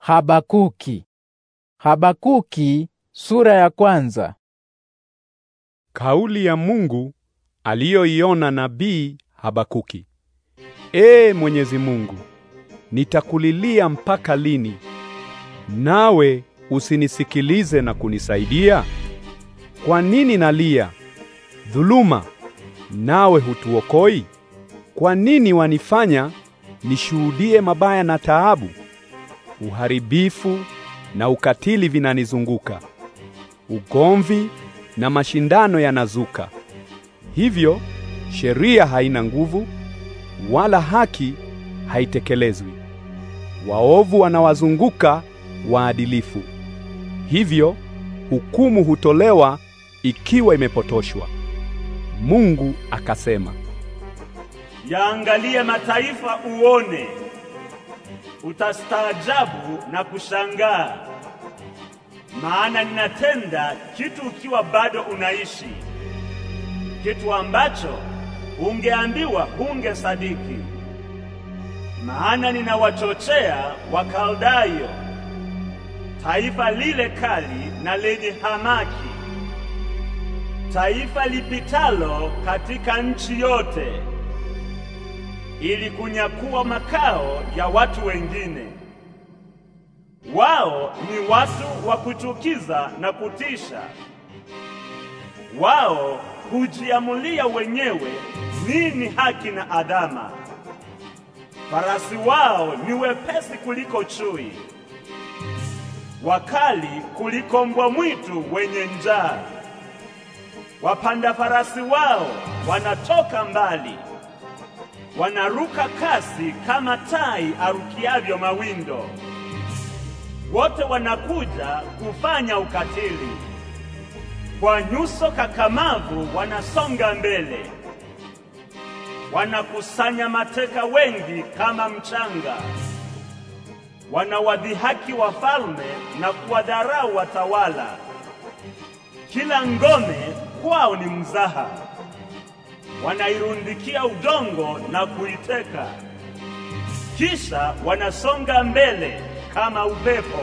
Habakuki. Habakuki sura ya kwanza. Kauli ya Mungu aliyoiona nabii Habakuki. Ee Mwenyezi Mungu, nitakulilia mpaka lini? Nawe usinisikilize na kunisaidia? Kwa nini nalia? Dhuluma, nawe hutuokoi? Kwa nini wanifanya nishuhudie mabaya na taabu? uharibifu na ukatili vinanizunguka, ugomvi na mashindano yanazuka. Hivyo sheria haina nguvu, wala haki haitekelezwi. Waovu wanawazunguka waadilifu, hivyo hukumu hutolewa ikiwa imepotoshwa. Mungu akasema, yaangalie mataifa uone utastaajabu na kushangaa, maana ninatenda kitu ukiwa bado unaishi, kitu ambacho ungeambiwa sadiki Maana ninawachochea Wakaldayo, taifa lile kali na lenye hamaki, taifa lipitalo katika nchi yote ili kunyakua makao ya watu wengine. Wao ni watu wa kuchukiza na kutisha. Wao hujiamulia wenyewe nini haki na adama. Farasi wao ni wepesi kuliko chui, wakali kuliko mbwa mwitu wenye njaa. Wapanda farasi wao wanatoka mbali wanaruka kasi kama tai arukiavyo mawindo. Wote wanakuja kufanya ukatili, kwa nyuso kakamavu wanasonga mbele, wanakusanya mateka wengi kama mchanga, wanawadhihaki wafalme na kuwadharau watawala. Kila ngome kwao ni mzaha wanairundikia udongo na kuiteka, kisha wanasonga mbele kama upepo.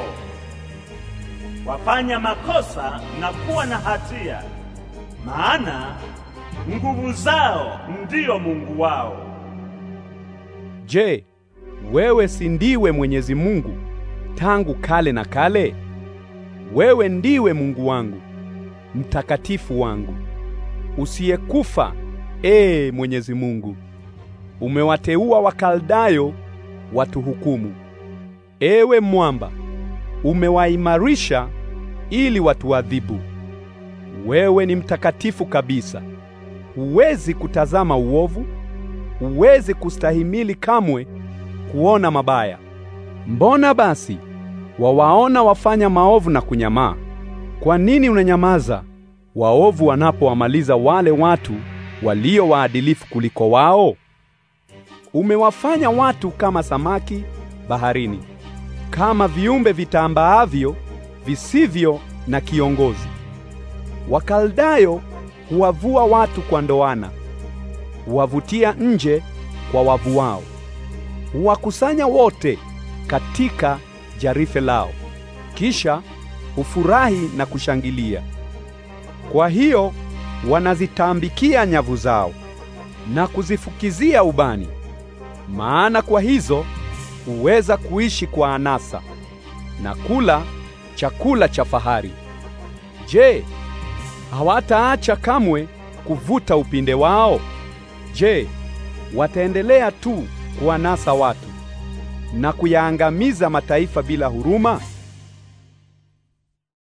Wafanya makosa na kuwa na hatia, maana nguvu zao ndiyo Mungu wao. Je, wewe si ndiwe Mwenyezi Mungu tangu kale na kale? Wewe ndiwe Mungu wangu, mtakatifu wangu, usiyekufa Ee Mwenyezi Mungu, umewateua Wakaldayo watuhukumu. Ewe mwamba, umewaimarisha ili watuadhibu. Wewe ni mtakatifu kabisa. Huwezi kutazama uovu, huwezi kustahimili kamwe kuona mabaya. Mbona basi wawaona wafanya maovu na kunyamaa? Kwa nini unanyamaza waovu wanapowamaliza wale watu walio waadilifu kuliko wao? Umewafanya watu kama samaki baharini, kama viumbe vitambaavyo visivyo na kiongozi. Wakaldayo huwavua watu kwa ndoana, huwavutia nje kwa wavu wao, huwakusanya wote katika jarife lao, kisha hufurahi na kushangilia. Kwa hiyo wanazitambikia nyavu zao na kuzifukizia ubani, maana kwa hizo huweza kuishi kwa anasa na kula chakula cha fahari. Je, hawataacha kamwe kuvuta upinde wao? Je, wataendelea tu kuwanasa watu na kuyaangamiza mataifa bila huruma?